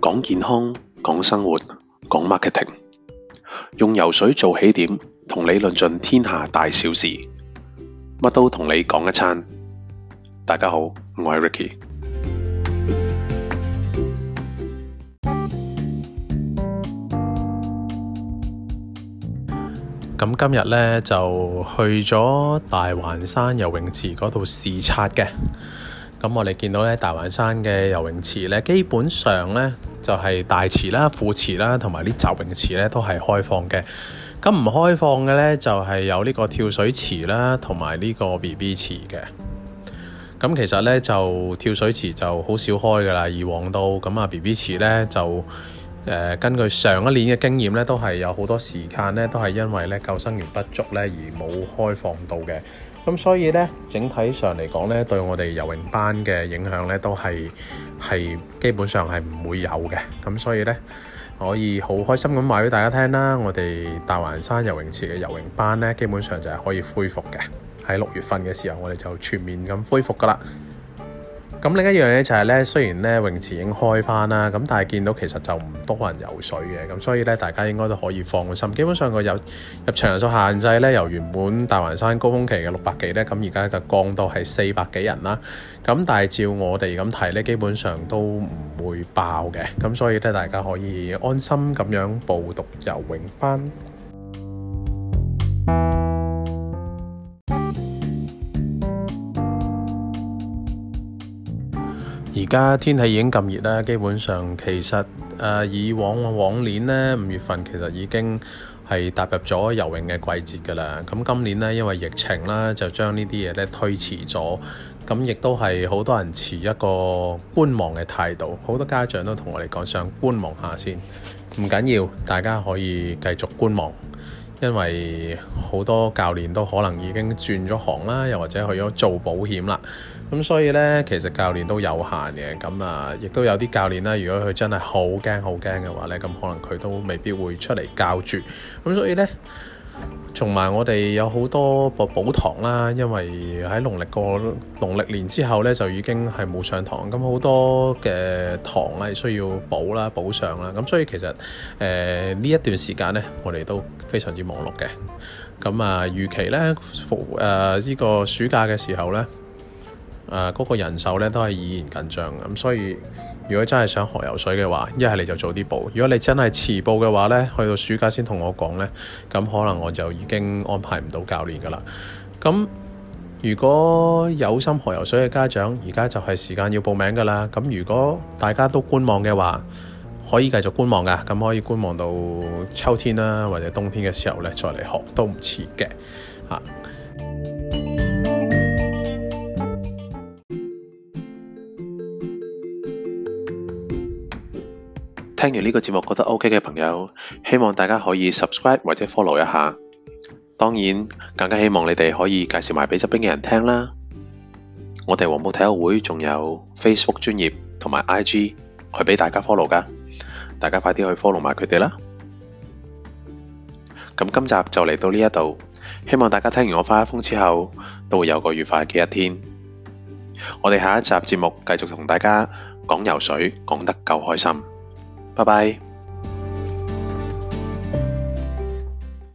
講健康，講生活，講 marketing，用游水做起點，同你論盡天下大小事，乜都同你講一餐。大家好，我係 Ricky。咁今日呢，就去咗大環山游泳池嗰度視察嘅。咁我哋見到呢，大環山嘅游泳池呢，基本上呢。就係大池啦、副池啦，同埋啲習泳池咧都係開放嘅。咁唔開放嘅呢，就係、是、有呢個跳水池啦，同埋呢個 BB 池嘅。咁其實呢，就跳水池就好少開㗎喇，以往都咁啊 BB 池呢，就誒、呃、根據上一年嘅經驗呢，都係有好多時間呢，都係因為呢救生員不足呢，而冇開放到嘅。咁所以呢，整體上嚟講呢，對我哋游泳班嘅影響呢，都係。係基本上係唔會有嘅，咁所以呢，可以好開心咁話俾大家聽啦，我哋大環山游泳池嘅游泳班呢，基本上就係可以恢復嘅，喺六月份嘅時候我哋就全面咁恢復㗎喇。咁另一樣嘢就係咧，雖然咧泳池已經開翻啦，咁但係見到其實就唔多人游水嘅，咁所以咧大家應該都可以放心。基本上個入入場人數限制咧，由原本大環山高峰期嘅六百幾咧，咁而家嘅降到係四百幾人啦。咁但係照我哋咁睇咧，基本上都唔會爆嘅。咁所以咧，大家可以安心咁樣報讀游泳班。而家天氣已經咁熱啦，基本上其實誒、啊、以往往年呢五月份其實已經係踏入咗游泳嘅季節㗎喇。咁今年呢，因為疫情啦，就將呢啲嘢咧推遲咗，咁亦都係好多人持一個觀望嘅態度。好多家長都同我哋講想觀望下先，唔緊要，大家可以繼續觀望。因為好多教練都可能已經轉咗行啦，又或者去咗做保險啦，咁所以呢，其實教練都有限嘅。咁啊，亦都有啲教練啦，如果佢真係好驚、好驚嘅話呢，咁可能佢都未必會出嚟教住。咁所以呢。同埋我哋有好多個補堂啦，因為喺農曆過農曆年之後咧，就已經係冇上堂，咁好多嘅堂係需要補啦、補上啦，咁所以其實誒呢、呃、一段時間咧，我哋都非常之忙碌嘅。咁啊，預期咧服誒呢、呢個暑假嘅時候咧。誒嗰、啊那個人手咧都係依然緊張，咁、啊、所以如果真係想學游水嘅話，一係你就早啲報。如果你真係遲報嘅話咧，去到暑假先同我講咧，咁可能我就已經安排唔到教練噶啦。咁如果有心學游水嘅家長，而家就係時間要報名噶啦。咁如果大家都觀望嘅話，可以繼續觀望噶，咁可以觀望到秋天啦、啊，或者冬天嘅時候咧，再嚟學都唔遲嘅，嚇、啊。聽完呢個節目覺得 O K 嘅朋友，希望大家可以 subscribe 或者 follow 一下。當然，更加希望你哋可以介紹埋俾側邊嘅人聽啦。我哋黃埔體育會仲有 Facebook 專頁同埋 I G 去俾大家 follow 噶，大家快啲去 follow 埋佢哋啦。咁今集就嚟到呢一度，希望大家聽完我花一封之後都會有個愉快嘅一天。我哋下一集節目繼續同大家講游水，講得夠開心。拜拜。